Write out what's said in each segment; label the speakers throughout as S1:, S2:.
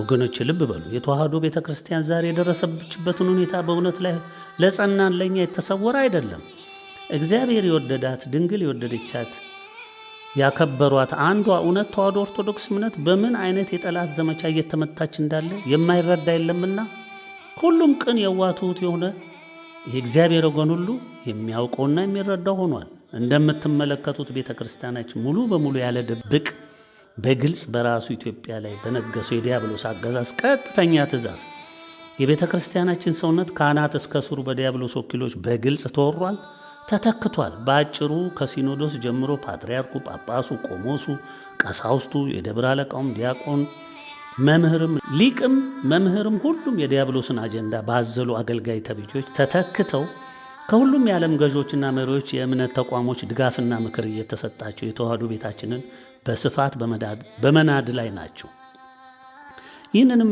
S1: ወገኖች ልብ በሉ። የተዋህዶ ቤተ ክርስቲያን ዛሬ የደረሰችበትን ሁኔታ በእውነት ላይ ለጸናን ለእኛ የተሰወረ አይደለም። እግዚአብሔር የወደዳት ድንግል የወደደቻት ያከበሯት አንዷ እውነት ተዋህዶ ኦርቶዶክስ እምነት በምን አይነት የጠላት ዘመቻ እየተመታች እንዳለ የማይረዳ የለምና ሁሉም ቅን የዋትሁት የሆነ የእግዚአብሔር ወገን ሁሉ የሚያውቀውና የሚረዳው ሆኗል። እንደምትመለከቱት ቤተ ክርስቲያናችን ሙሉ በሙሉ ያለ ድብቅ በግልጽ በራሱ ኢትዮጵያ ላይ በነገሰው የዲያብሎስ አገዛዝ ቀጥተኛ ትእዛዝ የቤተ ክርስቲያናችን ሰውነት ከአናት እስከ ስሩ በዲያብሎስ ወኪሎች በግልጽ ተወሯል፣ ተተክቷል። በአጭሩ ከሲኖዶስ ጀምሮ ፓትርያርኩ፣ ጳጳሱ፣ ቆሞሱ፣ ቀሳውስቱ፣ የደብረ አለቃውም፣ ዲያቆን፣ መምህርም፣ ሊቅም፣ መምህርም ሁሉም የዲያብሎስን አጀንዳ ባዘሉ አገልጋይ ተብጆች ተተክተው ከሁሉም የዓለም ገዢዎችና መሪዎች የእምነት ተቋሞች ድጋፍና ምክር እየተሰጣቸው የተዋህዶ ቤታችንን በስፋት በመናድ ላይ ናቸው። ይህንንም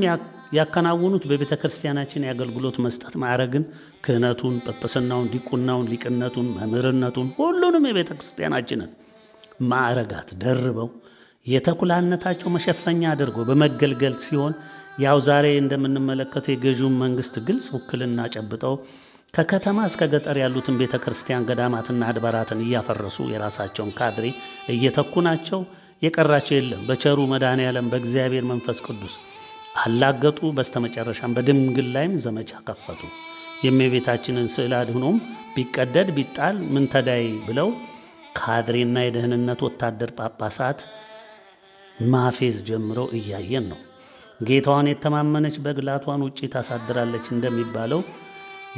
S1: ያከናውኑት በቤተ ክርስቲያናችን የአገልግሎት መስጠት ማዕረግን ክህነቱን፣ ጵጵስናውን፣ ዲቁናውን፣ ሊቅነቱን፣ መምህርነቱን ሁሉንም የቤተ ክርስቲያናችንን ማዕረጋት ደርበው የተኩላነታቸው መሸፈኛ አድርገው በመገልገል ሲሆን ያው ዛሬ እንደምንመለከተው የገዢውን መንግስት ግልጽ ውክልና ጨብጠው ከከተማ እስከ ገጠር ያሉትን ቤተ ክርስቲያን ገዳማትና አድባራትን እያፈረሱ የራሳቸውን ካድሬ እየተኩ ናቸው። የቀራቸው የለም። በቸሩ መድኃኔ ዓለም በእግዚአብሔር መንፈስ ቅዱስ አላገጡ። በስተመጨረሻም በድንግል ላይም ዘመቻ ከፈቱ። የእመቤታችንን ስዕል አድኖም ቢቀደድ ቢጣል ምን ተዳይ ብለው ካድሬና የደህንነት ወታደር ጳጳሳት ማፌዝ ጀምረው እያየን ነው። ጌታዋን የተማመነች በግላቷን ውጪ ታሳድራለች እንደሚባለው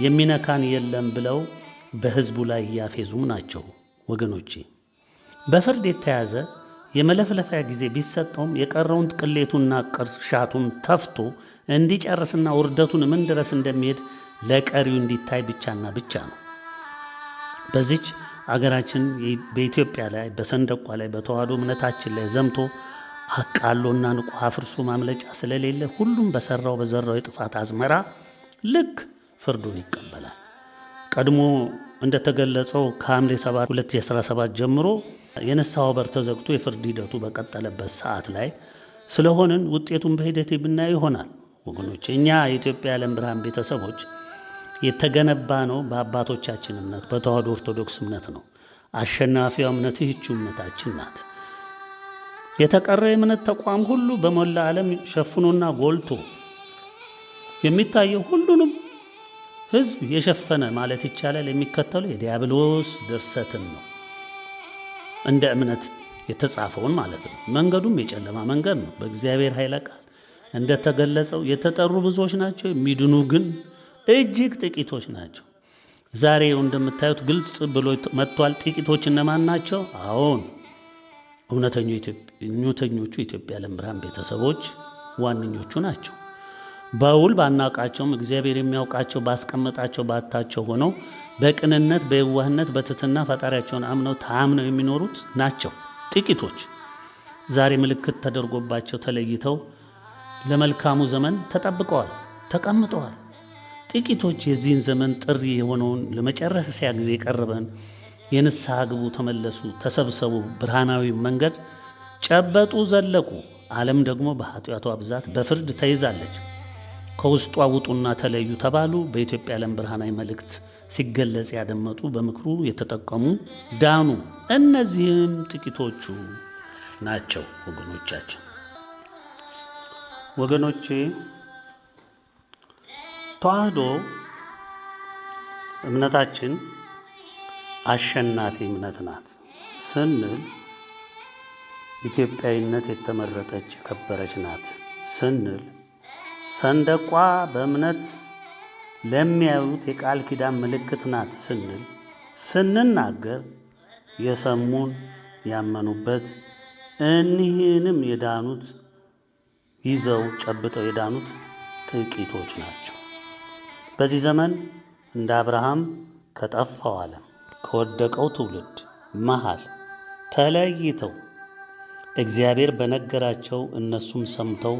S1: የሚነካን የለም ብለው በሕዝቡ ላይ እያፌዙም ናቸው። ወገኖቼ በፍርድ የተያዘ የመለፍለፊያ ጊዜ ቢሰጠውም የቀረውን ቅሌቱና ቅርሻቱን ተፍቶ እንዲጨርስና ውርደቱን ምን ድረስ እንደሚሄድ ለቀሪው እንዲታይ ብቻና ብቻ ነው። በዚች አገራችን በኢትዮጵያ ላይ በሰንደቋ ላይ በተዋህዶ እምነታችን ላይ ዘምቶ አቃሎና ንቁ አፍርሱ ማምለጫ ስለሌለ ሁሉም በሰራው በዘራው የጥፋት አዝመራ ልክ ፍርዱን ይቀበላል። ቀድሞ እንደተገለጸው ከሐምሌ 7 2017 ጀምሮ የንስሐ በር ተዘግቶ የፍርድ ሂደቱ በቀጠለበት ሰዓት ላይ ስለሆንን ውጤቱን በሂደት የምናየው ይሆናል። ወገኖች እኛ የኢትዮጵያ የዓለም ብርሃን ቤተሰቦች የተገነባ ነው በአባቶቻችን እምነት በተዋህዶ ኦርቶዶክስ እምነት ነው። አሸናፊዋ እምነት ይህች እምነታችን ናት። የተቀረ የእምነት ተቋም ሁሉ በሞላ ዓለም ሸፍኖና ጎልቶ የሚታየው ሁሉንም ህዝብ የሸፈነ ማለት ይቻላል የሚከተሉ የዲያብሎስ ድርሰትን ነው እንደ እምነት የተጻፈውን ማለት ነው። መንገዱም የጨለማ መንገድ ነው። በእግዚአብሔር ኃይለ ቃል እንደተገለጸው የተጠሩ ብዙዎች ናቸው፣ የሚድኑ ግን እጅግ ጥቂቶች ናቸው። ዛሬው እንደምታዩት ግልጽ ብሎ መጥቷል። ጥቂቶች እነማን ናቸው? አዎን እውነተኞቹ ኢትዮጵያ ለምብርሃን ቤተሰቦች ዋነኞቹ ናቸው። በውል ባናውቃቸውም እግዚአብሔር የሚያውቃቸው ባስቀመጣቸው ባታቸው ሆነው በቅንነት በየዋህነት በትትና ፈጣሪያቸውን አምነው ታምነው የሚኖሩት ናቸው። ጥቂቶች ዛሬ ምልክት ተደርጎባቸው ተለይተው ለመልካሙ ዘመን ተጠብቀዋል፣ ተቀምጠዋል። ጥቂቶች የዚህን ዘመን ጥሪ የሆነውን ለመጨረሻ ጊዜ የቀረበን የንስሐ ግቡ፣ ተመለሱ፣ ተሰብሰቡ ብርሃናዊ መንገድ ጨበጡ፣ ዘለቁ። ዓለም ደግሞ በኃጢአቷ ብዛት በፍርድ ተይዛለች። ከውስጧ ውጡና ተለዩ ተባሉ። በኢትዮጵያ ዓለም ብርሃናዊ መልእክት ሲገለጽ ያደመጡ በምክሩ የተጠቀሙ ዳኑ። እነዚህም ጥቂቶቹ ናቸው። ወገኖቻችን ወገኖቼ ተዋህዶ እምነታችን አሸናፊ እምነት ናት ስንል ኢትዮጵያዊነት የተመረጠች የከበረች ናት ስንል ሰንደቋ በእምነት ለሚያዩት የቃል ኪዳን ምልክት ናት ስንል ስንናገር የሰሙን ያመኑበት እኒህንም የዳኑት ይዘው ጨብጠው የዳኑት ጥቂቶች ናቸው። በዚህ ዘመን እንደ አብርሃም ከጠፋው ዓለም ከወደቀው ትውልድ መሃል ተለይተው እግዚአብሔር በነገራቸው እነሱም ሰምተው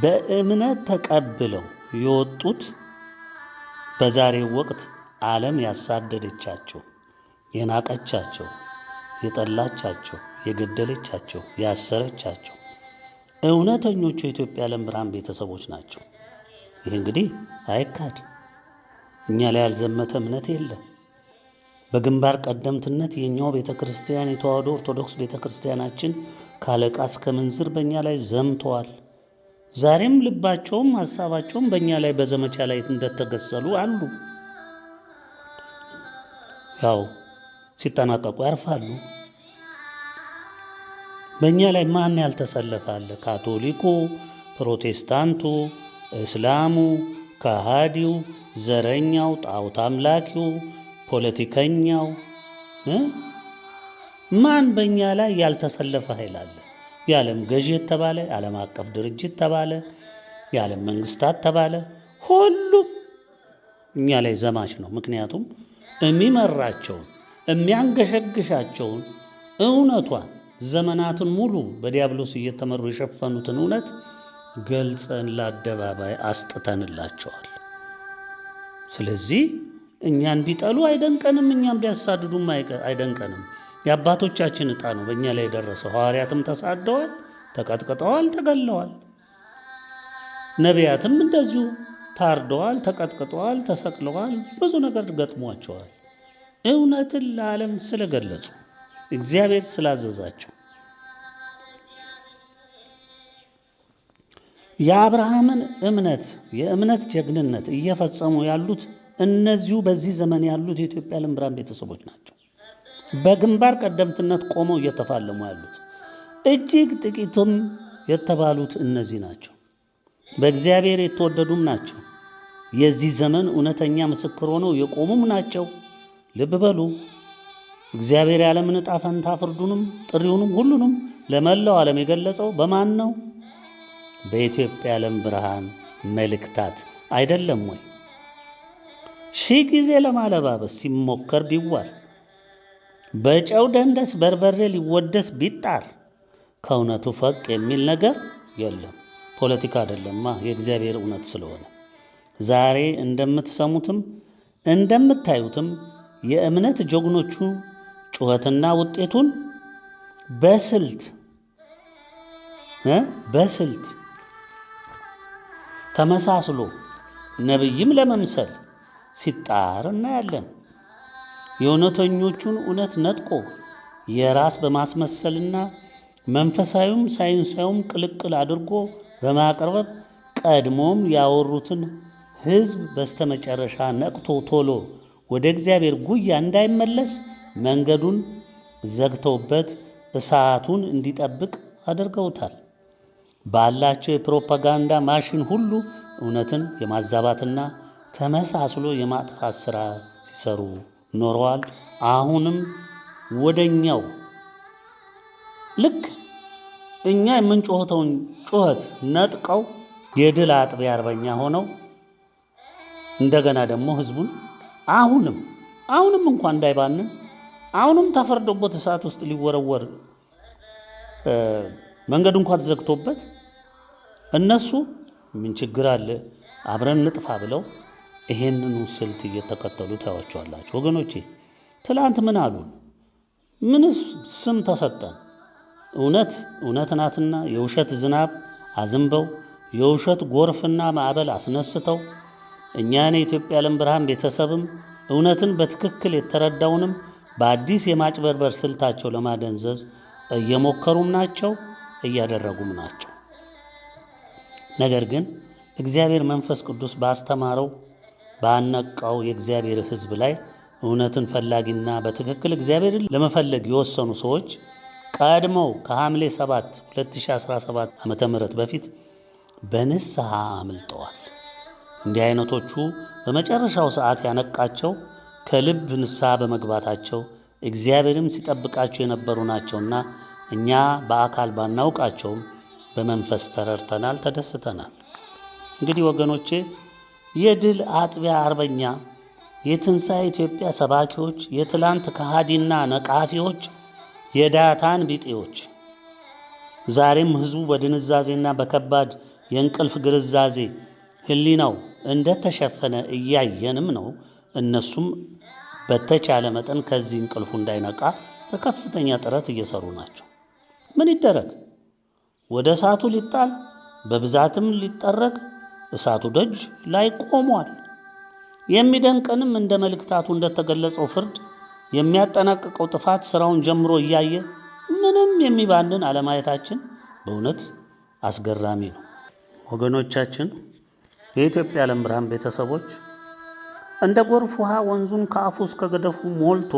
S1: በእምነት ተቀብለው የወጡት በዛሬው ወቅት ዓለም ያሳደደቻቸው፣ የናቀቻቸው፣ የጠላቻቸው፣ የገደለቻቸው፣ ያሰረቻቸው እውነተኞቹ የኢትዮጵያ ዓለም ብርሃን ቤተሰቦች ናቸው። ይህ እንግዲህ አይካድ። እኛ ላይ ያልዘመተ እምነት የለም። በግንባር ቀደምትነት የእኛው ቤተ ክርስቲያን የተዋህዶ ኦርቶዶክስ ቤተ ክርስቲያናችን ካለቃ እስከ ምንዝር በእኛ ላይ ዘምተዋል። ዛሬም ልባቸውም ሀሳባቸውም በእኛ ላይ በዘመቻ ላይ እንደተገሰሉ አሉ። ያው ሲጠናቀቁ ያርፋሉ። በእኛ ላይ ማን ያልተሰለፈ አለ? ካቶሊኩ፣ ፕሮቴስታንቱ፣ እስላሙ፣ ከሃዲው፣ ዘረኛው፣ ጣዖት አምላኪው፣ ፖለቲከኛው ማን በእኛ ላይ ያልተሰለፈ ኃይል አለ? የዓለም ገዢ የተባለ የዓለም አቀፍ ድርጅት ተባለ፣ የዓለም መንግስታት ተባለ። ሁሉም እኛ ላይ ዘማች ነው። ምክንያቱም የሚመራቸውን የሚያንገሸግሻቸውን እውነቷን ዘመናትን ሙሉ በዲያብሎስ እየተመሩ የሸፈኑትን እውነት ገልጸን ለአደባባይ አስጥተንላቸዋል። ስለዚህ እኛን ቢጠሉ አይደንቀንም፣ እኛም ቢያሳድዱም አይደንቀንም። የአባቶቻችን ዕጣ ነው በእኛ ላይ የደረሰው። ሐዋርያትም ተሳደዋል፣ ተቀጥቅጠዋል፣ ተገለዋል። ነቢያትም እንደዚሁ ታርደዋል፣ ተቀጥቅጠዋል፣ ተሰቅለዋል፣ ብዙ ነገር ገጥሟቸዋል። እውነትን ለዓለም ስለገለጹ እግዚአብሔር ስላዘዛቸው የአብርሃምን እምነት የእምነት ጀግንነት እየፈጸሙ ያሉት እነዚሁ በዚህ ዘመን ያሉት የኢትዮጵያ ልምብራን ቤተሰቦች ናቸው። በግንባር ቀደምትነት ቆመው እየተፋለሙ ያሉት እጅግ ጥቂቱም የተባሉት እነዚህ ናቸው። በእግዚአብሔር የተወደዱም ናቸው። የዚህ ዘመን እውነተኛ ምስክር ሆነው የቆሙም ናቸው። ልብ በሉ። እግዚአብሔር የዓለምን ዕጣ ፈንታ ፍርዱንም፣ ጥሪውንም ሁሉንም ለመላው ዓለም የገለጸው በማን ነው? በኢትዮጵያ ለም ብርሃን መልእክታት አይደለም ወይ? ሺህ ጊዜ ለማለባበስ ሲሞከር ቢዋል በጨው ደንደስ በርበሬ ሊወደስ ቢጣር ከእውነቱ ፈቅ የሚል ነገር የለም። ፖለቲካ አይደለማ የእግዚአብሔር እውነት ስለሆነ ዛሬ እንደምትሰሙትም እንደምታዩትም የእምነት ጀግኖቹ ጩኸትና ውጤቱን በስልት በስልት ተመሳስሎ ነቢይም ለመምሰል ሲጣር እናያለን። የእውነተኞቹን እውነት ነጥቆ የራስ በማስመሰልና መንፈሳዊም ሳይንሳዊም ቅልቅል አድርጎ በማቅረብ ቀድሞም ያወሩትን ሕዝብ በስተመጨረሻ ነቅቶ ቶሎ ወደ እግዚአብሔር ጉያ እንዳይመለስ መንገዱን ዘግተውበት እሳቱን እንዲጠብቅ አድርገውታል። ባላቸው የፕሮፓጋንዳ ማሽን ሁሉ እውነትን የማዛባትና ተመሳስሎ የማጥፋት ሥራ ሲሰሩ ኖረዋል። አሁንም ወደኛው ልክ እኛ የምንጮኸተውን ጩኸት ነጥቀው የድል አጥቢያ አርበኛ ሆነው እንደገና ደግሞ ህዝቡን አሁንም አሁንም እንኳን እንዳይባንን አሁንም ተፈርዶበት እሳት ውስጥ ሊወረወር መንገዱ እንኳ ተዘግቶበት እነሱ ምን ችግር አለ አብረን ንጥፋ ብለው ይሄንኑ ስልት እየተከተሉ ታያቸዋላችሁ። ወገኖቼ ትላንት ምን አሉን? ምንስ ስም ተሰጠን? እውነት እውነት ናትና የውሸት ዝናብ አዝንበው የውሸት ጎርፍና ማዕበል አስነስተው እኛን የኢትዮጵያ ዓለም ብርሃን ቤተሰብም እውነትን በትክክል የተረዳውንም በአዲስ የማጭበርበር ስልታቸው ለማደንዘዝ እየሞከሩም ናቸው እያደረጉም ናቸው። ነገር ግን እግዚአብሔር መንፈስ ቅዱስ ባስተማረው ባነቃው የእግዚአብሔር ሕዝብ ላይ እውነትን ፈላጊና በትክክል እግዚአብሔርን ለመፈለግ የወሰኑ ሰዎች ቀድመው ከሐምሌ 7 2017 ዓ ም በፊት በንስሐ አምልጠዋል። እንዲህ አይነቶቹ በመጨረሻው ሰዓት ያነቃቸው ከልብ ንስሐ በመግባታቸው እግዚአብሔርም ሲጠብቃቸው የነበሩ ናቸውና እኛ በአካል ባናውቃቸውም በመንፈስ ተረድተናል፣ ተደስተናል። እንግዲህ ወገኖቼ የድል አጥቢያ አርበኛ የትንሣኤ ኢትዮጵያ ሰባኪዎች፣ የትላንት ከሃዲና ነቃፊዎች፣ የዳታን ቢጤዎች ዛሬም ሕዝቡ በድንዛዜና በከባድ የእንቅልፍ ግርዛዜ ህሊናው እንደተሸፈነ እያየንም ነው። እነሱም በተቻለ መጠን ከዚህ እንቅልፉ እንዳይነቃ በከፍተኛ ጥረት እየሰሩ ናቸው። ምን ይደረግ? ወደ እሳቱ ሊጣል በብዛትም ሊጠረግ እሳቱ ደጅ ላይ ቆሟል። የሚደንቀንም እንደ መልእክታቱ እንደተገለጸው ፍርድ የሚያጠናቅቀው ጥፋት ስራውን ጀምሮ እያየ ምንም የሚባንን አለማየታችን በእውነት አስገራሚ ነው። ወገኖቻችን፣ የኢትዮጵያ የዓለም ብርሃን ቤተሰቦች እንደ ጎርፍ ውሃ ወንዙን ከአፉ እስከ ገደፉ ሞልቶ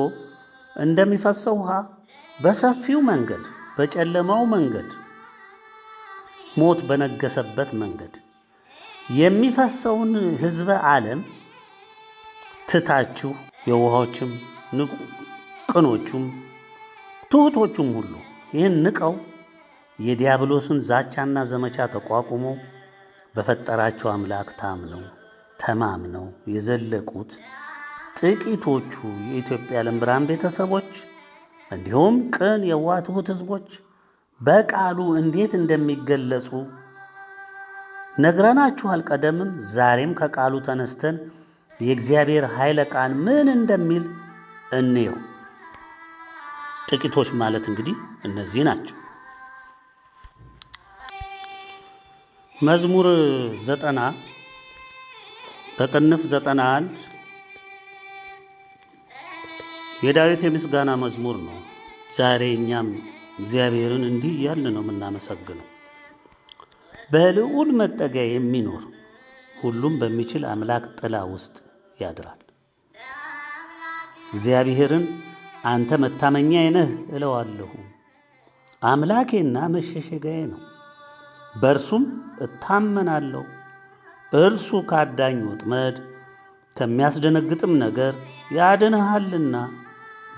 S1: እንደሚፈሰው ውሃ በሰፊው መንገድ፣ በጨለማው መንገድ፣ ሞት በነገሰበት መንገድ የሚፈሰውን ህዝበ ዓለም ትታችሁ የውሃዎችም ቅኖቹም ትሑቶቹም ሁሉ ይህን ንቀው የዲያብሎስን ዛቻና ዘመቻ ተቋቁሞ በፈጠራቸው አምላክ ታምነው ተማምነው የዘለቁት ጥቂቶቹ የኢትዮጵያ ዓለም ብርሃን ቤተሰቦች እንዲሁም ቅን የዋህ ትሑት ህዝቦች በቃሉ እንዴት እንደሚገለጹ ነግረናችኋል። ቀደምም ዛሬም ከቃሉ ተነስተን የእግዚአብሔር ኃይለ ቃል ምን እንደሚል እንየው። ጥቂቶች ማለት እንግዲህ እነዚህ ናቸው። መዝሙር ዘጠና በቅንፍ ዘጠና አንድ የዳዊት የምስጋና መዝሙር ነው። ዛሬ እኛም እግዚአብሔርን እንዲህ እያልን ነው የምናመሰግነው። በልዑል መጠጊያ የሚኖር ሁሉም በሚችል አምላክ ጥላ ውስጥ ያድራል። እግዚአብሔርን አንተ መታመኛዬ ነህ እለዋለሁ። አምላኬና መሸሸጋዬ ነው፣ በእርሱም እታመናለሁ። እርሱ ካዳኝ ወጥመድ ከሚያስደነግጥም ነገር ያድንሃልና።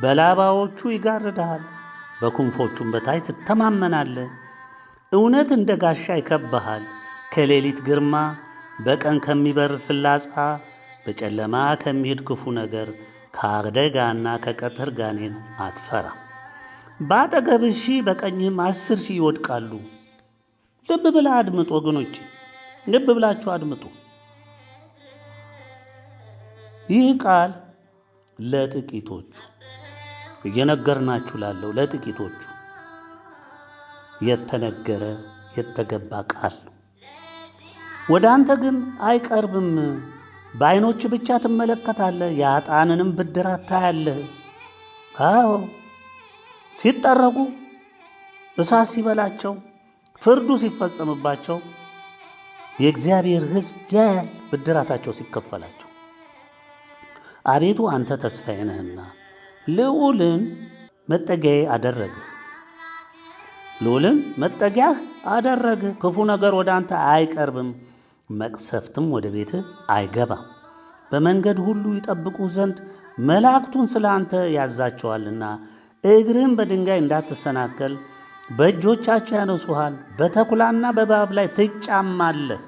S1: በላባዎቹ ይጋርድሃል፣ በክንፎቹም በታች ትተማመናለህ። እውነት እንደ ጋሻ ይከብሃል ከሌሊት ግርማ በቀን ከሚበር ፍላጻ በጨለማ ከሚሄድ ክፉ ነገር ከአደጋና ከቀትር ጋኔን አትፈራ። በአጠገብህ ሺህ በቀኝህም አስር ሺህ ይወድቃሉ። ልብ ብላ አድምጡ ወገኖች፣ ልብ ብላችሁ አድምጡ። ይህ ቃል ለጥቂቶቹ እየነገርናችሁ ላለው ለጥቂቶቹ የተነገረ የተገባ ቃል ነው። ወደ አንተ ግን አይቀርብም። በዓይኖች ብቻ ትመለከታለህ፣ የአጣንንም ብድራት አታያለህ። አዎ ሲጠረጉ፣ እሳት ሲበላቸው፣ ፍርዱ ሲፈጸምባቸው የእግዚአብሔር ሕዝብ ያያል ብድራታቸው ሲከፈላቸው። አቤቱ አንተ ተስፋዬ ነህና ልዑልን መጠጊያዬ አደረግህ። ልዑልም መጠጊያህ አደረገ። ክፉ ነገር ወደ አንተ አይቀርብም፣ መቅሰፍትም ወደ ቤትህ አይገባም። በመንገድ ሁሉ ይጠብቁ ዘንድ መላእክቱን ስለ አንተ ያዛቸዋልና እግርህም በድንጋይ እንዳትሰናከል በእጆቻቸው ያነሱሃል። በተኩላና በእባብ ላይ ትጫማለህ፣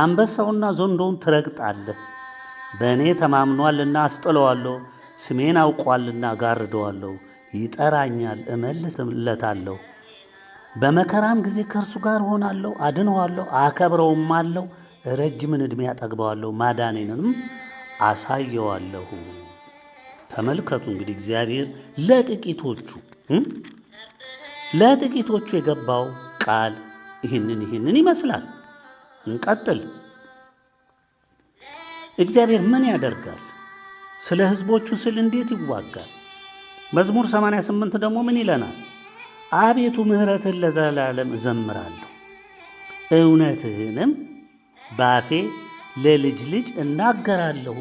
S1: አንበሳውና ዘንዶውን ትረግጣለህ። በእኔ ተማምኗልና አስጥለዋለሁ፣ ስሜን አውቋልና ጋርደዋለሁ። ይጠራኛል፣ እመልስለታለሁ። በመከራም ጊዜ ከእርሱ ጋር ሆናለሁ፣ አድነዋለሁ፣ አከብረውም አለው ረጅምን ዕድሜ አጠግበዋለሁ፣ ማዳኔንም አሳየዋለሁ። ተመልከቱ እንግዲህ እግዚአብሔር ለጥቂቶቹ ለጥቂቶቹ የገባው ቃል ይህንን ይህንን ይመስላል። እንቀጥል። እግዚአብሔር ምን ያደርጋል? ስለ ሕዝቦቹ ስል እንዴት ይዋጋል? መዝሙር 88 ደግሞ ምን ይለናል? አቤቱ ምህረትን ለዘላለም እዘምራለሁ እውነትህንም ባፌ ለልጅ ልጅ እናገራለሁ።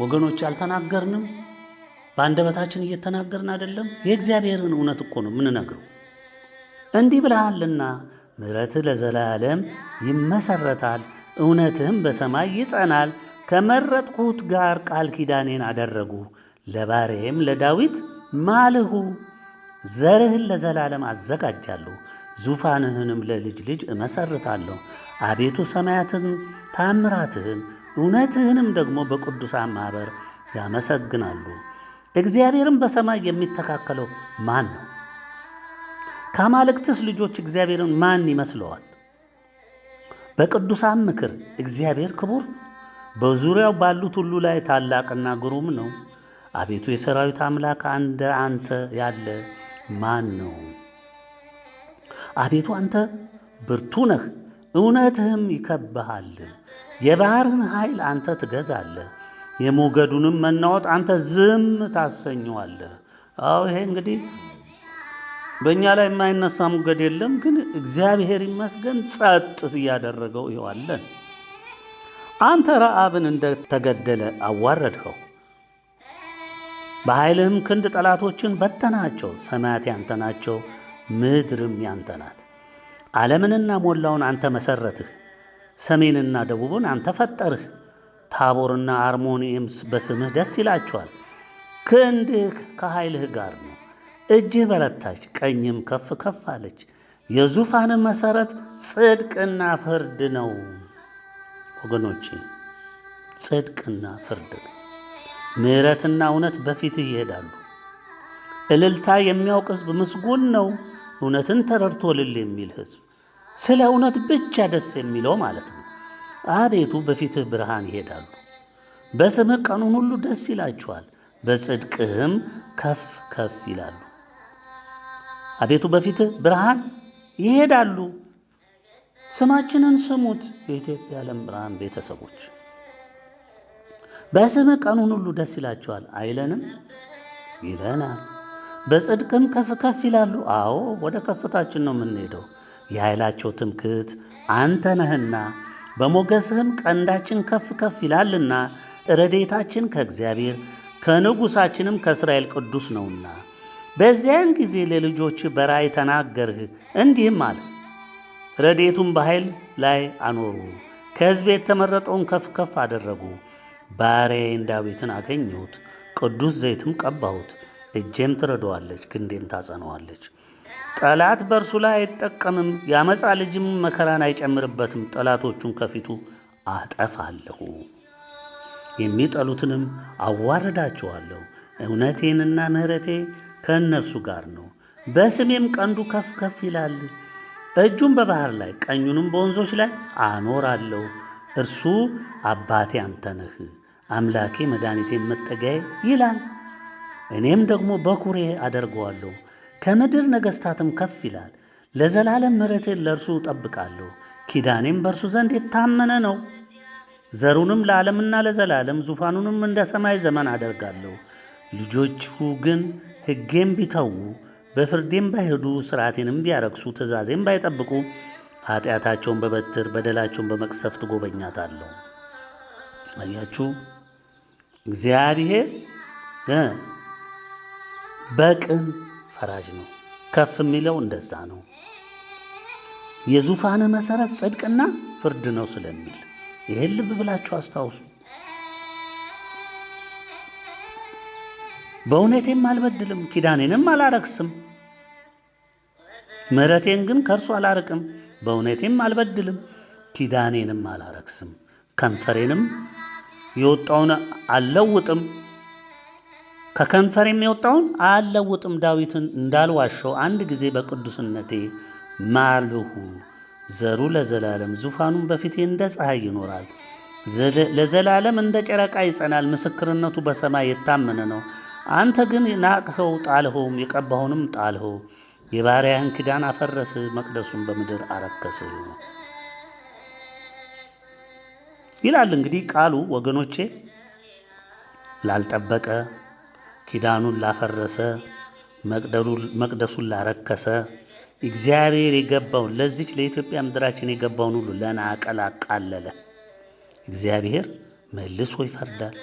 S1: ወገኖች አልተናገርንም? በአንደበታችን እየተናገርን አይደለም። የእግዚአብሔርን እውነት እኮ ነው የምንነግረው። እንዲህ ብለሃልና ምሕረትህ ለዘላለም ይመሰረታል፣ እውነትህም በሰማይ ይጸናል። ከመረጥኩት ጋር ቃል ኪዳኔን አደረጉ፣ ለባሪያዬም ለዳዊት ማልሁ። ዘርህን ለዘላለም አዘጋጃለሁ፣ ዙፋንህንም ለልጅ ልጅ እመሰርታለሁ። አቤቱ ሰማያትን ታምራትህን እውነትህንም ደግሞ በቅዱሳን ማኅበር ያመሰግናሉ። እግዚአብሔርን በሰማይ የሚተካከለው ማን ነው? ከአማልክትስ ልጆች እግዚአብሔርን ማን ይመስለዋል? በቅዱሳን ምክር እግዚአብሔር ክቡር ነው፣ በዙሪያው ባሉት ሁሉ ላይ ታላቅና ግሩም ነው። አቤቱ የሰራዊት አምላክ እንደ አንተ ያለ ማን ነው? አቤቱ አንተ ብርቱ ነህ፣ እውነትህም ይከብሃል። የባህርን ኃይል አንተ ትገዛለህ፣ የሞገዱንም መናወጥ አንተ ዝም ታሰኘዋለህ። አዎ ይሄ እንግዲህ በእኛ ላይ የማይነሳ ሞገድ የለም፣ ግን እግዚአብሔር ይመስገን ጸጥ እያደረገው ይዋለን። አንተ ረአብን እንደተገደለ አዋረድኸው። በኃይልህም ክንድ ጠላቶችን በተናቸው። ሰማያት ያንተ ናቸው፣ ምድርም ያንተ ናት። ዓለምንና ሞላውን አንተ መሠረትህ፣ ሰሜንና ደቡብን አንተ ፈጠርህ። ታቦርና አርሞንኤም በስምህ ደስ ይላቸዋል። ክንድህ ከኃይልህ ጋር ነው፣ እጅህ በረታች፣ ቀኝም ከፍ ከፍ አለች። የዙፋን መሠረት ጽድቅና ፍርድ ነው። ወገኖቼ ጽድቅና ፍርድ ነው። ምሕረትና እውነት በፊትህ ይሄዳሉ። እልልታ የሚያውቅ ሕዝብ ምስጉን ነው። እውነትን ተረድቶ ልል የሚል ሕዝብ ስለ እውነት ብቻ ደስ የሚለው ማለት ነው። አቤቱ በፊትህ ብርሃን ይሄዳሉ። በስምህ ቀኑን ሁሉ ደስ ይላቸዋል፣ በጽድቅህም ከፍ ከፍ ይላሉ። አቤቱ በፊትህ ብርሃን ይሄዳሉ። ስማችንን ስሙት፣ የኢትዮጵያ ዓለም ብርሃን ቤተሰቦች በስም ቀኑን ሁሉ ደስ ይላቸዋል አይለንም? ይለናል። በጽድቅም ከፍ ከፍ ይላሉ። አዎ ወደ ከፍታችን ነው የምንሄደው። የኃይላቸው ትምክት አንተ ነህና በሞገስህም ቀንዳችን ከፍ ከፍ ይላልና ረዴታችን ከእግዚአብሔር ከንጉሳችንም ከእስራኤል ቅዱስ ነውና። በዚያን ጊዜ ለልጆች በራእይ ተናገርህ እንዲህም አለ፣ ረዴቱን በኃይል ላይ አኖሩ፣ ከሕዝብ የተመረጠውን ከፍ ከፍ አደረጉ ባሪያዬን ዳዊትን አገኘሁት፣ ቅዱስ ዘይትም ቀባሁት። እጄም ትረዳዋለች፣ ክንዴም ታጸነዋለች። ጠላት በእርሱ ላይ አይጠቀምም፣ የአመፃ ልጅም መከራን አይጨምርበትም። ጠላቶቹን ከፊቱ አጠፋለሁ፣ የሚጠሉትንም አዋርዳቸዋለሁ። እውነቴንና ምሕረቴ ከእነርሱ ጋር ነው፣ በስሜም ቀንዱ ከፍ ከፍ ይላል። እጁን በባህር ላይ ቀኙንም በወንዞች ላይ አኖራለሁ። እርሱ አባቴ አንተ ነህ አምላኬ መድኃኒቴ መጠጊያዬ ይላል። እኔም ደግሞ በኩሬ አደርገዋለሁ፣ ከምድር ነገሥታትም ከፍ ይላል። ለዘላለም ምሕረቴን ለእርሱ እጠብቃለሁ፣ ኪዳኔም በእርሱ ዘንድ የታመነ ነው። ዘሩንም ለዓለምና ለዘላለም ዙፋኑንም እንደ ሰማይ ዘመን አደርጋለሁ። ልጆቹ ግን ሕጌም ቢተዉ በፍርዴም ባይሄዱ ሥርዓቴንም ቢያረክሱ ትእዛዜም ባይጠብቁ ኃጢአታቸውን በበትር በደላቸውን በመቅሰፍት ጎበኛታለሁ። አያችሁ። እግዚአብሔር በቅን ፈራጅ ነው። ከፍ የሚለው እንደዛ ነው። የዙፋን መሰረት ጽድቅና ፍርድ ነው ስለሚል ይህን ልብ ብላችሁ አስታውሱ። በእውነቴም አልበድልም፣ ኪዳኔንም አላረክስም፣ ምሕረቴን ግን ከእርሱ አላርቅም። በእውነቴም አልበድልም፣ ኪዳኔንም አላረክስም፣ ከንፈሬንም የወጣውን አልለውጥም ከከንፈር የሚወጣውን አልለውጥም ዳዊትን እንዳልዋሸው አንድ ጊዜ በቅዱስነቴ ማልሁ። ዘሩ ለዘላለም ዙፋኑን በፊቴ እንደ ፀሐይ ይኖራል። ለዘላለም እንደ ጨረቃ ይጸናል። ምስክርነቱ በሰማይ የታመነ ነው። አንተ ግን ናቅኸው፣ ጣልኸውም፣ የቀባኸውንም ጣልኸው። የባሪያህን ኪዳን አፈረስህ፣ መቅደሱን በምድር አረከስህ። ይላል እንግዲህ ቃሉ ወገኖቼ ላልጠበቀ ኪዳኑን ላፈረሰ መቅደሱን ላረከሰ እግዚአብሔር የገባውን ለዚች ለኢትዮጵያ ምድራችን የገባውን ሁሉ ለናቀል አቃለለ። እግዚአብሔር መልሶ ይፈርዳል።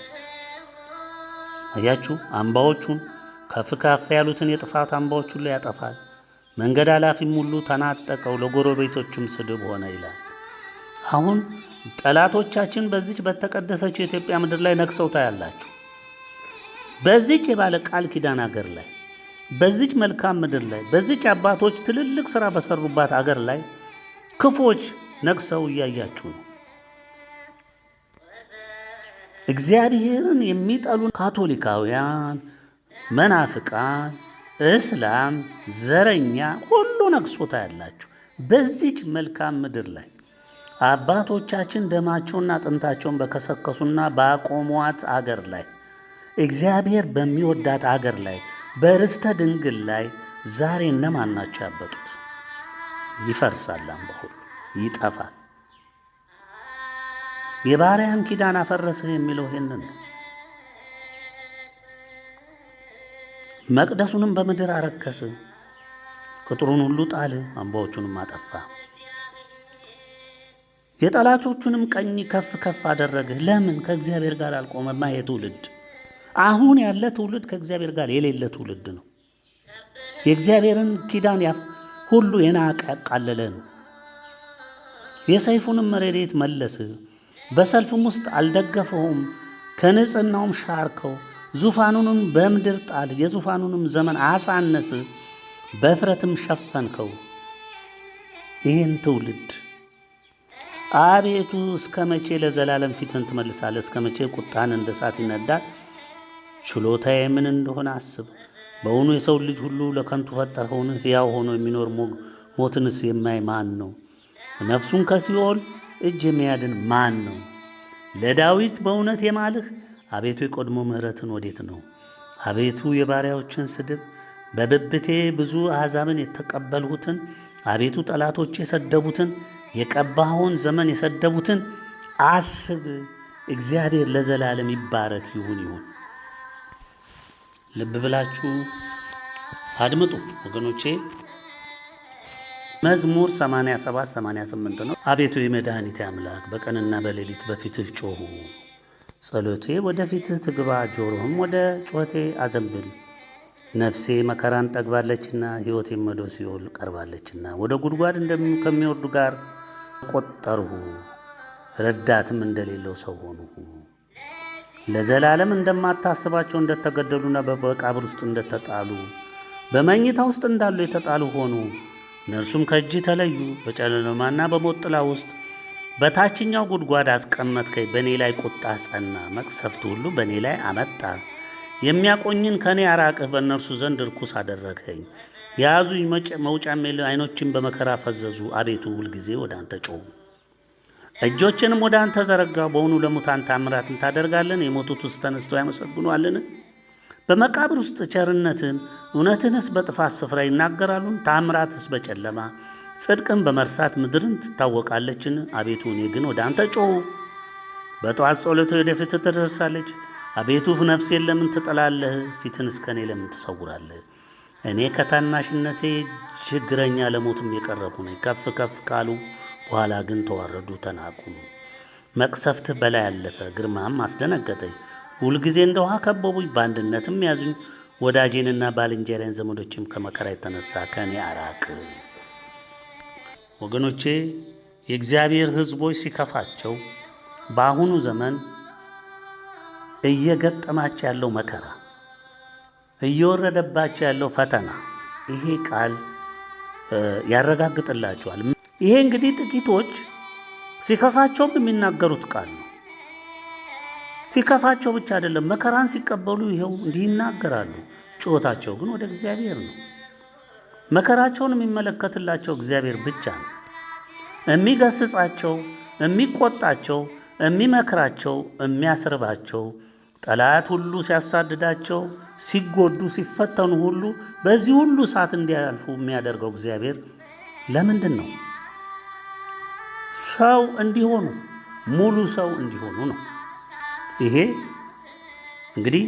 S1: አያችሁ፣ አምባዎቹን ከፍ ከፍ ያሉትን የጥፋት አምባዎች ሁሉ ያጠፋል። መንገድ አላፊም ሁሉ ተናጠቀው፣ ለጎረቤቶችም ስድብ ሆነ ይላል። አሁን ጠላቶቻችን በዚች በተቀደሰችው የኢትዮጵያ ምድር ላይ ነግሰው ታያላችሁ። በዚች የባለ ቃል ኪዳን አገር ላይ በዚች መልካም ምድር ላይ በዚች አባቶች ትልልቅ ስራ በሰሩባት አገር ላይ ክፎች ነግሰው እያያችሁ ነው። እግዚአብሔርን የሚጠሉ ካቶሊካውያን፣ መናፍቃን፣ እስላም፣ ዘረኛ ሁሉ ነግሶ ታያላችሁ በዚች መልካም ምድር ላይ አባቶቻችን ደማቸውና አጥንታቸውን በከሰከሱና ባቆሟት አገር ላይ እግዚአብሔር በሚወዳት አገር ላይ በርስተ ድንግል ላይ ዛሬ እነማን ናቸው ያበጡት? ይፈርሳል፣ አምባሁል ይጠፋል። የባሪያም ኪዳን አፈረስህ የሚለው ይህን ነው። መቅደሱንም በምድር አረከስህ፣ ቅጥሩን ሁሉ ጣልህ፣ አምባዎቹንም አጠፋ። የጠላቶቹንም ቀኝ ከፍ ከፍ አደረግህ። ለምን? ከእግዚአብሔር ጋር አልቆመማ። የትውልድ አሁን ያለ ትውልድ ከእግዚአብሔር ጋር የሌለ ትውልድ ነው። የእግዚአብሔርን ኪዳን ሁሉ የናቀ ያቃለለ ነው። የሰይፉንም ረድኤት መለስህ። በሰልፍም ውስጥ አልደገፈውም፣ ከንጽህናውም ሻርከው። ዙፋኑንም በምድር ጣል፣ የዙፋኑንም ዘመን አሳነስህ፣ በፍረትም ሸፈንከው ይህን ትውልድ አቤቱ እስከ መቼ ለዘላለም ፊትን ትመልሳለህ? እስከ መቼ ቁጣን እንደ እሳት ይነዳል? ችሎታዬ ምን እንደሆነ አስብ። በውኑ የሰው ልጅ ሁሉ ለከንቱ ፈጠርኸውን? ሕያው ሆኖ የሚኖር ሞትንስ የማይ ማን ነው? ነፍሱን ከሲኦል እጅ የሚያድን ማን ነው? ለዳዊት በእውነት የማልህ አቤቱ የቀድሞ ምሕረትን ወዴት ነው? አቤቱ የባሪያዎችን ስድብ በብብቴ ብዙ አሕዛብን የተቀበልሁትን አቤቱ ጠላቶች የሰደቡትን የቀባኸውን ዘመን የሰደቡትን አስብ። እግዚአብሔር ለዘላለም ይባረክ ይሁን ይሁን። ልብ ብላችሁ አድምጡ ወገኖቼ። መዝሙር 87 88 ነው። አቤቱ የመድኃኒቴ አምላክ በቀንና በሌሊት በፊትህ ጮሁ፣ ጸሎቴ ወደ ፊትህ ትግባ፣ ጆሮህም ወደ ጮቴ አዘንብል። ነፍሴ መከራን ጠግባለችና ሕይወቴም ወደ ሲኦል ቀርባለችና ወደ ጉድጓድ ከሚወርዱ ጋር ቆጠርሁ፣ ረዳትም እንደሌለው ሰው ሆንሁ። ለዘላለም እንደማታስባቸው እንደተገደሉና በመቃብር ውስጥ እንደተጣሉ በመኝታ ውስጥ እንዳሉ የተጣሉ ሆኑ። እነርሱም ከእጅ ተለዩ። በጨለማና በሞት ጥላ ውስጥ በታችኛው ጉድጓድ አስቀመጥከኝ። በእኔ ላይ ቁጣ ጸና፣ መቅሰፍት ሁሉ በእኔ ላይ አመጣ። የሚያቆኝን ከእኔ አራቅህ፣ በእነርሱ ዘንድ ርኩስ አደረግኸኝ። የያዙኝ መውጫም የለ። አይኖችን በመከራ ፈዘዙ። አቤቱ ሁልጊዜ ወደ አንተ ጮሁ። እጆችንም ወደ አንተ ዘረጋ። በውኑ ለሙታን ታምራትን ታደርጋለን? የሞቱት ውስጥ ተነስተው ያመሰግኑአልን? በመቃብር ውስጥ ቸርነትን እውነትንስ በጥፋት ስፍራ ይናገራሉን? ታምራትስ በጨለማ ጽድቅን በመርሳት ምድርን ትታወቃለችን? አቤቱ እኔ ግን ወደ አንተ ጮሁ። በጠዋት ጸሎቴ ወደፊት ትደርሳለች። አቤቱ ነፍሴን ለምን ትጠላለህ? ፊትን እስከኔ ለምን ትሰውራለህ? እኔ ከታናሽነቴ ችግረኛ ለሞትም የቀረቡ ነኝ። ከፍ ከፍ ካሉ በኋላ ግን ተዋረዱ፣ ተናቁ። መቅሰፍት በላይ አለፈ፣ ግርማም አስደነገጠኝ። ሁልጊዜ እንደ ውሃ ከበቡኝ፣ በአንድነትም ያዙኝ። ወዳጄንና ባልንጀራን ዘመዶችም ከመከራ የተነሳ ከእኔ አራቅ። ወገኖቼ የእግዚአብሔር ሕዝቦች ሲከፋቸው በአሁኑ ዘመን እየገጠማቸው ያለው መከራ እየወረደባቸው ያለው ፈተና ይሄ ቃል ያረጋግጥላቸዋል። ይሄ እንግዲህ ጥቂቶች ሲከፋቸውም የሚናገሩት ቃል ነው። ሲከፋቸው ብቻ አይደለም፣ መከራን ሲቀበሉ ይኸው እንዲህ ይናገራሉ። ጩኸታቸው ግን ወደ እግዚአብሔር ነው። መከራቸውን የሚመለከትላቸው እግዚአብሔር ብቻ ነው። የሚገስጻቸው፣ የሚቆጣቸው፣ የሚመክራቸው፣ የሚያስርባቸው ጠላት ሁሉ ሲያሳድዳቸው፣ ሲጎዱ፣ ሲፈተኑ ሁሉ በዚህ ሁሉ ሰዓት እንዲያልፉ የሚያደርገው እግዚአብሔር ለምንድን ነው? ሰው እንዲሆኑ ሙሉ ሰው እንዲሆኑ ነው። ይሄ እንግዲህ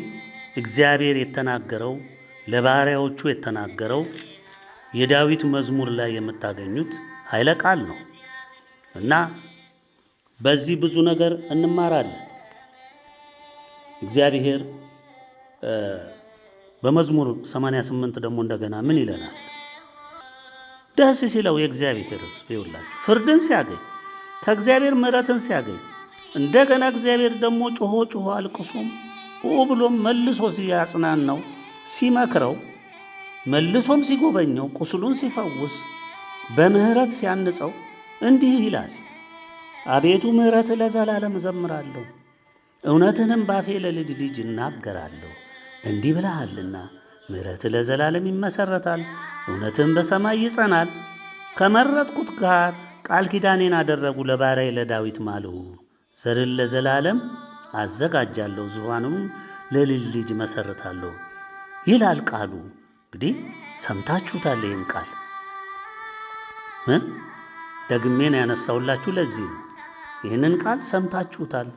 S1: እግዚአብሔር የተናገረው ለባሪያዎቹ የተናገረው የዳዊት መዝሙር ላይ የምታገኙት ኃይለ ቃል ነው እና በዚህ ብዙ ነገር እንማራለን። እግዚአብሔር በመዝሙር 88 ደግሞ እንደገና ምን ይለናል? ደስ ሲለው የእግዚአብሔር ሕዝብ ይውላችሁ ፍርድን ሲያገኝ ከእግዚአብሔር ምሕረትን ሲያገኝ እንደገና እግዚአብሔር ደግሞ ጮሆ ጮሆ አልቅሶም ኡ ብሎም መልሶ ሲያጽናናው ሲመክረው መልሶም ሲጎበኘው ቁስሉን ሲፈውስ በምሕረት ሲያንጸው እንዲህ ይላል፣ አቤቱ ምሕረት ለዘላለም እዘምራለሁ እውነትንም ባፌ ለልጅ ልጅ እናገራለሁ። እንዲህ ብለሃልና ምሕረት ለዘላለም ይመሰረታል፣ እውነትም በሰማይ ይጸናል። ከመረጥኩት ጋር ቃል ኪዳኔን አደረጉ፣ ለባሪያዬ ለዳዊት ማልሁ። ዘርን ለዘላለም አዘጋጃለሁ፣ ዙፋኑም ለልጅ ልጅ መሰርታለሁ ይላል ቃሉ። እንግዲህ ሰምታችሁታል ይህን ቃል ደግሜን ያነሳውላችሁ ለዚህ ነው። ይህንን ቃል ሰምታችሁታል።